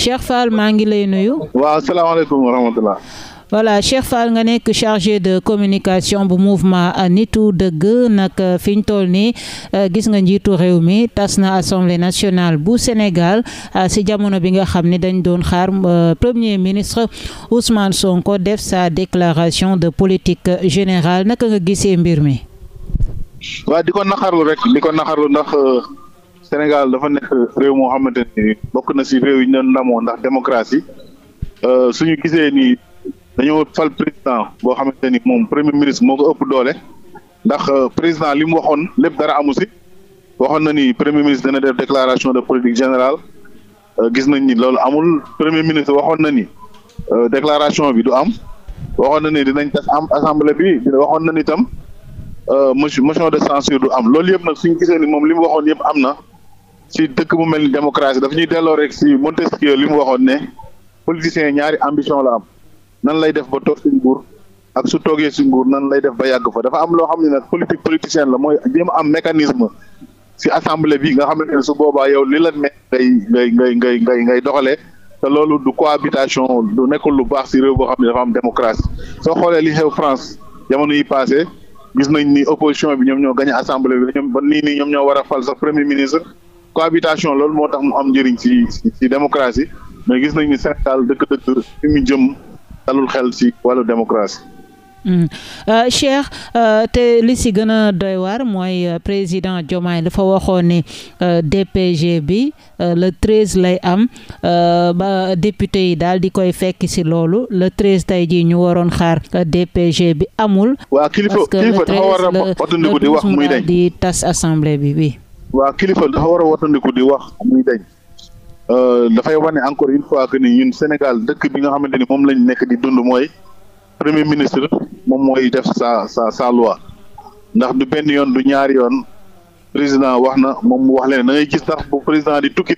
Cheikh Fall maa ngi lay nuyu. waaw salaamaaleykum wa rahmatullah. voilà Cheikh Fall nga nekk chargé de communication bu mouvement nitu Dëgg nag euh, fi ñu toll nii euh, gis nga njiitu réew mi tas na assemblée nationale bu Sénégal euh, si jamono bi nga xam ne dañ doon xaar premier ministre Ousmane Sonko def sa déclaration de politique générale naka nga gisee mbir mi. waaw di naxarlu rek di naxarlu ndax. Sénégal dafa nekk réew moo xamante ni bokk na si réew yi ñu doon ndamoo ndax démocratie euh, suñu gisee ni dañoo fal président boo xamante ni moom premier ministre moo ko ëpp doole ndax euh, président li mu waxoon lépp dara amu si waxoon na ni premier ministre dana def déclaration de politique générale euh, gis nañ ni loolu amul premier waxoon na ni déclaration bi du am waxoon na ni dinañ tas am assemblée bi waxoon na ni tam motion de censure du am loolu yëpp nag suñu gisee ni moom li mu waxoon yëpp am na ci dëkk bu mel ni démocratie dafa ñuy delloo rek ci Montesquieu li mu waxoon ne politiciens ñaari ambition la am nan lay def ba toog ci nguur ak su toogee ci nguur nan lay def ba yàgg fa dafa am loo xam ne nag politique politicienne la mooy jéem am mécanisme ci assemblée bi nga xamante ne su booba yow li la nekk ngay ngay ngay ngay ngay doxalee. te loolu du cohabitation du nekkul lu baax ci réew boo xam ne dafa am démocratie soo xoolee li xew France jamono yi passé gis nañ ni opposition bi ñoom ñoo gañ assemblée bi ñoom ba nii nii ñoom ñoo war a fal sax premier cohabitation loolu moo tax mu am njëriñ ci démocratie mais gis nañ ni dëkk-dëkk fi mu jëm hmm. euh, Cheikh euh, te li si gën a doy waar mooy euh, président Diomaye dafa waxoon ne DPG bi le treize lay am ba député yi daal di koy fekk si loolu le treize tey jii ñu waroon xaar DPG bi amul. waa kilifa kilifa dafa war a wattandiku di wax muy dañ di tas assemblée bi bi. waa kilifa dafa war a watandiku di wax muy dañ euh, dafay wane encore une fois que ni ñun Sénégal dëkk bi nga xamante ni moom lañ nekk di dund mooy premier ministre moom mooy def sa sa sa loi ndax du benn yoon du ñaari yoon président wax na moom mu wax leen da gis sax bu président di tukki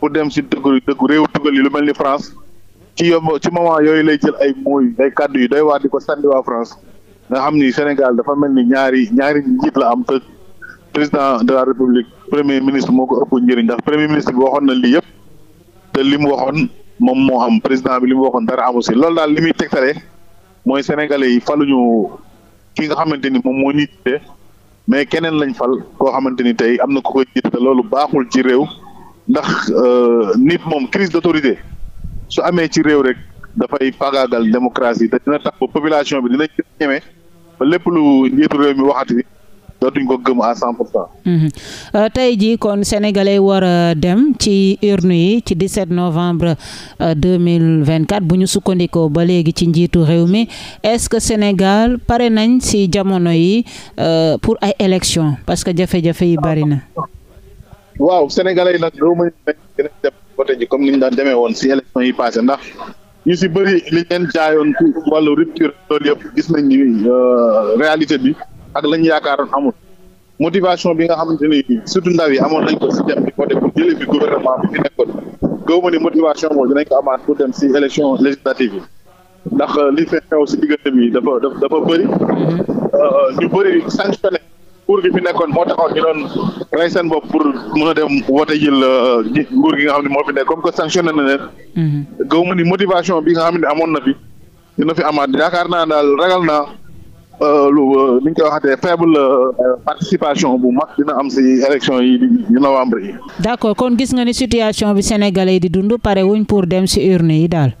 pour dem si dëkk dëkk réew tugal yi lu mel ni France ci yomb ci moment yooyu lay jël ay mooy ay kàddu yu doy waar di ko sànni waa France nga xam ni Sénégal dafa mel ni ñaari ñaari njiit la am te président de la république premier ministre moo ko ëpp njëriñ ndax premier ministre bi waxoon na lii yëpp te li mu waxoon moom moo am président bi li mu waxoon dara amu si loolu daal li muy tegtale mooy sénégalais yi faluñu ki nga xamante ni moom moo ñu jiite mais keneen lañ fal koo xamante ni tey am na ko koy jiite te loolu baaxul ci réew ndax euh, nit moom crise d'autorité su amee ci réew rek dafay fagaagal démocratie te dina tax ba population bi dina ñeme ba lépp lu njiitu réew mi waxati. dootuñ ko mhm. euh, tey jii kon sénégalais war a dem ci urne yi ci 17 novembre 2024 euh, bu ñu sukkandikoo ba léegi ci njiitu réew mi est-ce que Sénégal pare nañ si jamono yi euh, pour ay élections parce que jafe-jafe yi bari na. waaw sénégalais yi nag réew mi a dem côté ji comme ni ñu demee woon si élections yi passé ndax. ñu si bëri li leen jaayoon ci wàllu rupture loolu yëpp gis nañ ni réalité bi ak lañ yaakaaroon amul motivation bi nga xamante ni surtout ndaw yi amoon nañ ko si dem di voté pour jëlee fi gouvernement bi fi nekkoon gëw ma ni motivation boobu dinañ ko amaat pour dem si élection législative yi ndax euh, li fi xew si diggante bi dafa dafa bëri mm-hmm. euh, euh, ñu bëri nekkoon moo taxoon ñu doon rey seen bopp pour mën a dem woote gi nga xam ne moo fi nekk comme que sanctionné na leen mm-hmm. gëw ma ni motivation bi nga xam ne amoon na fi dina fi amaat yaakaar naa daal ragal naa Euh, lu euh, ni ñu koy waxatee faible euh, participation bu mag dina am si élection yi di novembre yi. d'accord kon gis nga ni situation bi sénégalais yi di dund pare wuñ pour dem si urne yi daal.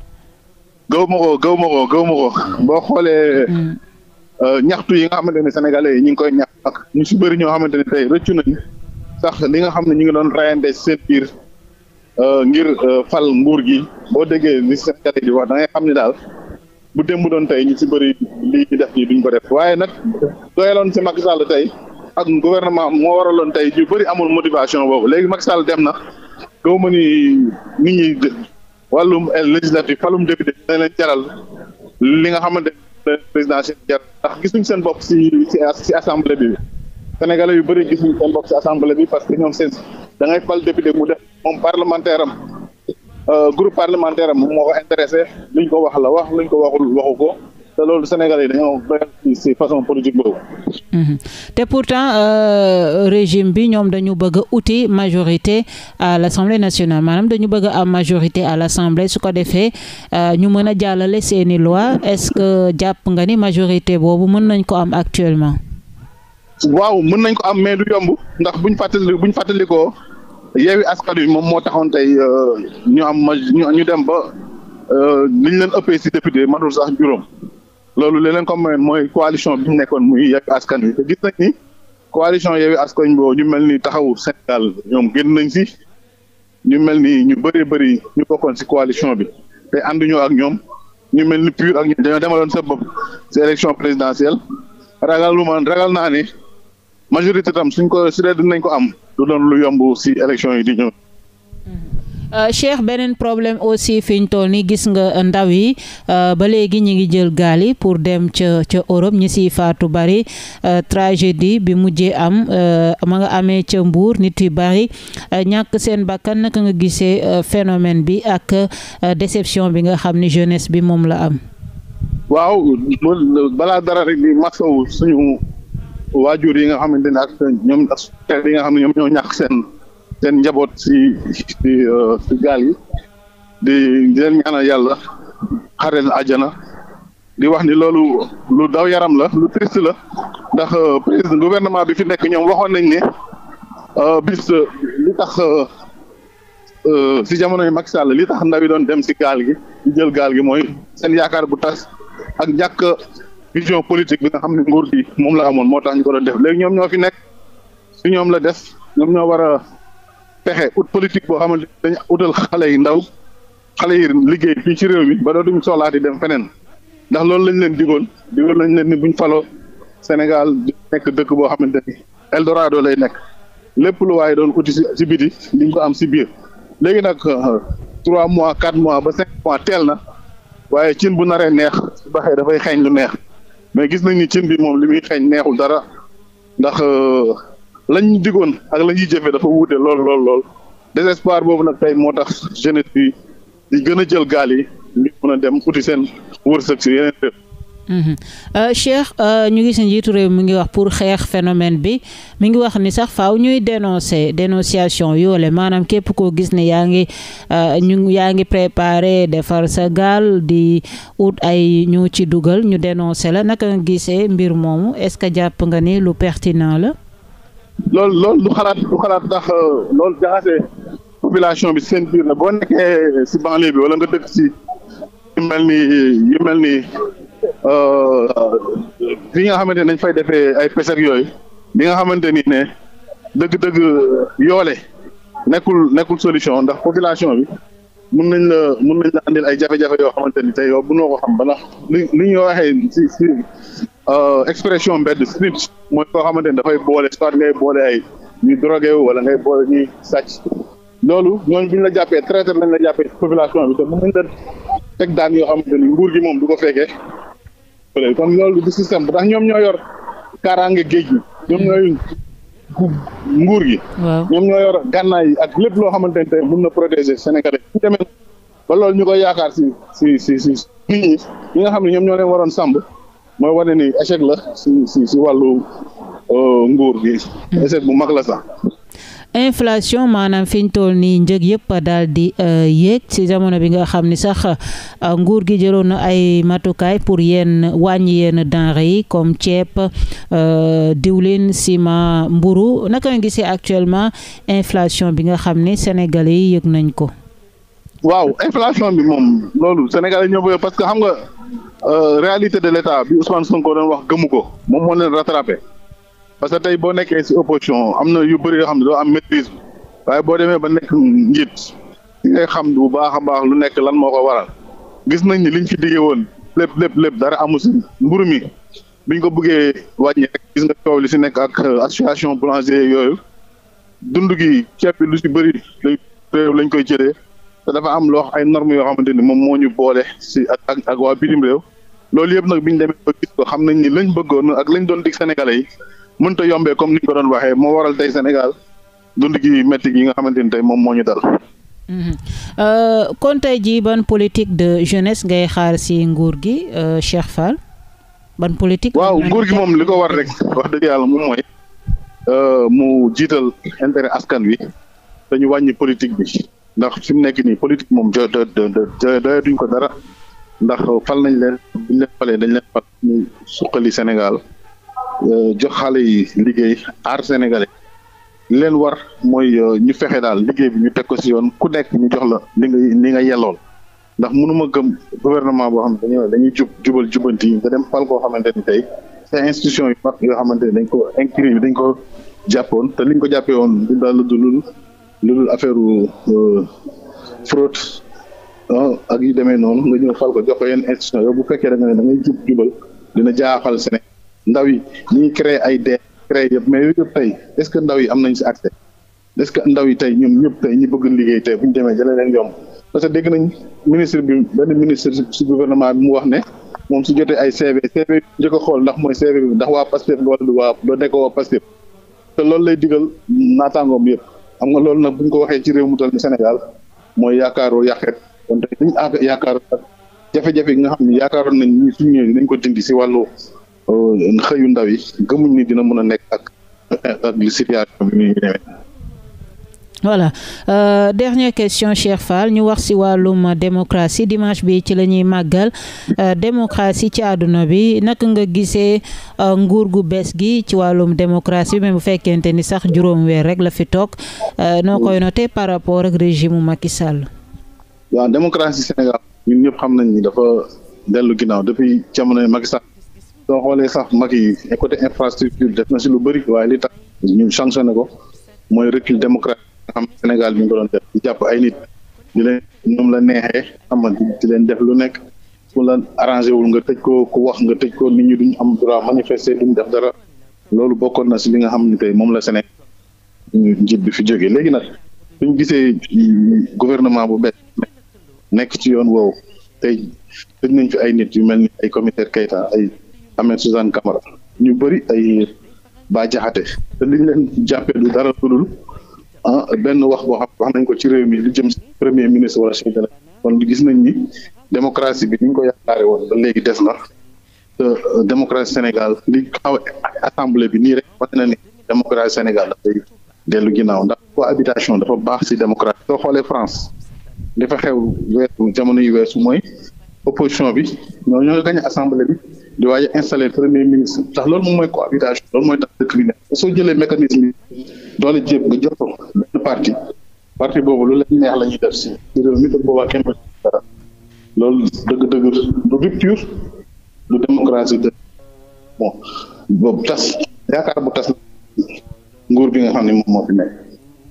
gaw ma ko gaw ma ko gaw ma ko boo xoolee. Hmm. ñaxtu yi nga xamante ne sénégalais yi ñu ngi koy ñax ak ñu si bëri ñoo xamante ne tey rëccu nañ sax li nga xam ne ñu ngi doon rayante seen biir ngir fal nguur gi boo déggee li sénégalais di wax da ngay xam ne daal. bu démb doon tey ñu si bëri lii ñu def nii duñ ko def waaye nag doyaloon si Macky Sall tey ak gouvernement moo waraloon tey ñu bëri amul motivation boobu léegi Macky Sall dem na gëw ma ni nit ñi wàllum législatif falum député dina leen jaral li nga xamante ne présidentiel jaral ndax gisuñ seen bopp si si assemblée bi sénégalais yu bëri gisuñ seen bopp si assemblée bi parce que ñoom seen da ngay fal député mu def moom parlementaire am. Euh, groupe parlementaire am moo ko intéressé luñ ko wax la wax luñ ko waxul waxu ko te loolu Sénégal yi dañoo bëri ci façon politique boobu. Mhm. Euh, ñoom dañu bëgg uti majorité à l' assemblée nationale maanaam dañu bëgg am majorité à l' assemblée su ko defee euh, ñu mën a jàllale seeni loi est ce que jàpp nga ni majorité boobu mën nañ ko am actuellement. waaw mën nañ ko am mais du yomb ndax buñ fàttalikoo. yeewi askan wi moom moo taxoon tey euh, ñu am ma ñu dem ba euh, li leen ëppee si député matul sax juróom loolu li leen ko mooy coalition bi ñu nekkoon muy yeewi askan wi te gis nañ ni coalition yeewi askan boobu ñu mel ni taxawu Sénégal ñoom génn nañ si ñu mel ni ñu bëri bëri ñu fokkoon si coalition bi te ànduñoo ak ñoom ñu mel ni PUR ak ñoom dañoo demaloon sa bopp si élection présidentielle ragaluma ragal naa ni majorité tam suñ ko su dee dinañ ko am du doon lu yomb si élection yi di ñëw. Mm-hmm. Euh, Cheikh beneen problème aussi fi ñu toll ni gis nga ndaw yi euh, ba léegi ñi ngi jël gaal yi pour dem ca ca Europe ñi siy faatu bari euh, tragédie bi mujjee am ma nga amee ca Mbuur nit yu bari ñàkk seen bakkan naka nga gisee phénomène bi ak déception bi nga xam ni jeunesse bi moom la am. waaw balaa dara rek di masawu suñu. waajur yi nga xamante ne ak ñoom yi nga xam ne ñoom ñoo ñàkk seen seen njaboot si si euh, gaal yi di di leen ñaanal yàlla xare leen àjjana di wax ni loolu lu daw yaram la lu triste la ndax euh, président gouvernement bi fi nekk ñoom waxoon nañ ne euh, bis li tax si jamono yi Macky Sall li tax ndaw yi doon dem si gaal gi di jël gaal gi mooy seen yaakaar bu tas ak ñàkk. vision politique bi nga xam ne nguur gi moom la amoon moo tax ñu ko def léegi ñoom ñoo fi nekk si ñoom la des ñoom ñoo war a pexe ut politique boo xamante dañu utal xale yi ndaw xale yi liggéey fii ci réew mi ba dootuñu soxlaati dem feneen ndax loolu lañ leen digoon digoon lañ leen ni buñ falo Sénégal di dëkk boo xamante ni Eldorado lay nekk lépp lu waaye doon uti si biti li ko am si biir léegi nag euh, trois mois quatre mois ba cinq mois teel na waaye cin bu naree neex su dafay xeeñ lu neex mais gis nañ ni cin bi moom li muy xeeñ neexul dara ndax euh, lañ digoon ak la ñuy jëfee dafa wuute lool lool lool désespoir boobu nag tey moo tax jeunesse bi di gën a jël gaal yi ngir mën a dem uti seen wërsëg si yeneen Mhm. Euh, Cheikh euh, ñu gis njiitu réew mi ngi wax pour xeex phénomène bi mi ngi wax ni sax faaw ñuy dénoncer dénonciation yoole maanaam képp koo gis ni yaa ngi euh, ñu yaa ngi préparer defar sa gaal di ut ay ñu ci dugal ñu dénoncer la naka gisee mbir moomu est-ce que jàpp nga ni lu pertinent la. loolu loolu du xalaat du xalaat ndax loolu bi seen la boo nekkee si banlieue bi wala nga dëkk si yu mel ni yu mel ni. fi euh, nga xamante nañ fay defee ay pes yooyu bi nga xamante ni ne dëgg-dëgg yoole nekkul nekkul solution ndax population bi mun nañ la mun nañ la andil ay jafe-jafe yoo xamante ni tey yow bu noo ko xam ba ndax li li ñuy waxee si si euh, expression mbedd script mooy koo xamante ni dafay boole soit ngay boole ay ñuy drogué wu wala ngay boole ñuy sàcc loolu ñooñu bu ñu la jàppee traître nañ la jàppee population bi te mun nañ la teg daan yoo xamante ni gi moom du ko fekkee bële kon loolu du système bu tax ñoom ñoo yor kaaraange géej gi ñoom ñooy nguur gi. ñoom ñoo yor gànnaay yi ak lépp loo xamante ne tey mun na protéger Sénégalais yi demee ba loolu ñu koy yaakaar si si si si nit ñi nga xam ne ñoom ñoo leen waroon samb mooy wane ni échec la si si si wàllu euh, nguur gi. Hmm. échec bu mag la sax. inflation maanaam fi ñu toll nii njëg yëpp daal di euh, yéeg ci jamono bi nga xam ni sax euh, nguur gi jëloon na ay matukaay pour yenn wàññi yenn denrées yi comme ceeb euh, diwlin ciment mburu naka nga gisee actuellement inflation bi nga xam ni sénégalais yi yëg nañ ko. waaw inflation bi moom loolu sénégalais ñoo bëgg parce que xam nga réalité de l' état bi Ousmane Sonko doon wax gëmu ko moom moo leen rattrapé. parce que tey boo nekkee si opposition am na yu bëri yoo xam ne doo am maîtrise waaye boo demee ba nekk njiit li ngay xam bu baax a baax lu nekk lan moo ko waral gis nañ ni liñ fi diggee woon lépp lépp lépp dara amu si mburu biñ ko bëggee wàññi rek gis nga coow li si nekk ak euh, association boulanger yooyu dund gi ceeb bi lu si bëri lañ koy jëlee te dafa am loo ay normes yoo xamante moom moo ñu boole si ak ak waa bitim réew loolu yëpp nag biñ demee ba gis ko xam nañ ni lañ bëggoon ak lañ doon dig sénégalais yi mënta yombee comme ni ñu ko doon waxee moo waral tey Sénégal dund gi métti gi nga xamante ni tey moom moo ñu dal. Mhm. Euh, kon tey jii ban politique de jeunesse ngay xaar si nguur gi euh, Cheikh Fall. ban politique waaw nguur gi moom li ko war rek wax dëgg yàlla moom mooy. Euh, mu jiital intérêt askan wi dañu wàññi politique bi ndax fi mu nekk nii politique moom jo jo ko dara ndax fal nañ leen buñ dañ leen fal Sénégal. Euh, jox xale yi liggéey aar sénégalais li leen war mooy euh, ñu fexe daal liggéey bi ñu teg ko ci yoon ku nekk ñu jox la li nga li nga yellool ndax mënuma gëm gouvernement boo xam ne dañuy jub jubal jubanti yi nga dem fal koo xamante ni tey ces institutions yu mag yoo xamante ni dañ ko incriminé bi dañ ko jàppoon te liñ ko jàppee woon du daal du lul lul affaire euh, fraude ak yu demee noonu nga ñëw fal ko jox ko yenn institution yow bu fekkee da nga ne da ngay jub jubal dina jaaxal Sénégal ndaw yi ñu ngi créé ay dee créé yëpp mais yooyu yëpp tey ce que ndaw yi am nañ si accès est ce que ndaw yi tey ñoom ñëpp tey ñi bëgg liggéey tey bu ñu demee jëlee leen yomb parce que dégg nañ ministre bi benn ministre si gouvernement bi mu wax ne moom su jotee ay CV CV bi njëkk a xool ndax mooy CV bi ndax waa Pastef nga wala du waa doo nekk waa Pastef te loolu lay digal naataangoom yëpp xam nga loolu nag bu ñu ko waxee ci réew mu toll ni Sénégal mooy yaakaaroo yàqeet kon tey dañu yaakaaroo jafe-jafe nga xam ne yaakaaroon nañ ñi suñu ñëwee nañ ko dindi si wàllu Euh, xëyu ndaw yi gëmuñ ni dina mën a nekk ak ak bi muy demee. voilà euh, dernière question Cheikh Fall ñu wax ci wàllum démocratie dimanche bi ci la ñuy màggal euh, démocratie ci àdduna bi naka nga gisee euh, nguur gu bees gi ci wàllum démocratie même bu fekkente ni sax juróom weer rek la fi toog noo koy noté par rapport ak régime mu Macky Sall. waaw démocratie Sénégal ñun ñëpp xam nañ dafa dellu ginnaaw depuis jamono Macky Sall soo xoolee sax mag i côté infrastructure def na si lu bëri waaye li tax ñu sanctionné ko mooy recul démocratique nga xam Sénégal bi ñu ko doon def di jàpp ay nit di leen ñoom la neexee xam nga di leen def lu nekk ku la arrangé wul nga tëj ko ku wax nga tëj ko nit ñi am droit manifester duñ def loolu bokkoon na si li nga xam ne tey moom la Sénégal njiit bi fi jógee léegi nag suñ gisee gouvernement bu bees nekk ci yoon woowu tey tëj nañ fi ay nit yu mel ni ay commissaire Keita ay Ahmed Suzanne Camara ñu bëri ay ba Diakhaté te liñ leen jàppee du dara dudul ah benn wax boo xam wax nañ ko ci rew mi lu jëm si premier ministre wala chef de kon gis nañ ni démocratie bi ni ñu ko yaakaare woon ba léegi des na te euh, démocratie Sénégal li xaw assemblée bi nii rek wax na ni démocratie Sénégal dafay dellu ginnaaw ndax cohabitation dafa baax si démocratie soo xoolee France dafa xew weesu jamono yu weesu mooy opposition bi ñoo ñoo gañ assemblée bi di waaj a installé premier ministre ndax loolu mooy tax dëkk bi ne soo jëlee mécanisme yi doole jéem nga jël ko benn parti parti boobu lu leen neex la ñuy def si réew mi te boobaa kenn du dara loolu dëgg-dëgg du rupture du démocratie de bon boobu tas yaakaar bu tas nguur bi nga xam ne moom moo fi nekk.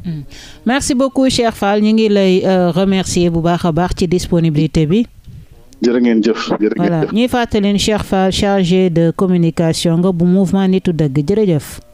Hmm. merci beaucoup Cheikh Fall ñu ngi lay euh, remercier bu baax a baax ci disponibilité bi. jërë ngeen jëf jërë ngeen jëf voilà de communication nga bu mouvement nitu dëgg jërëjëf.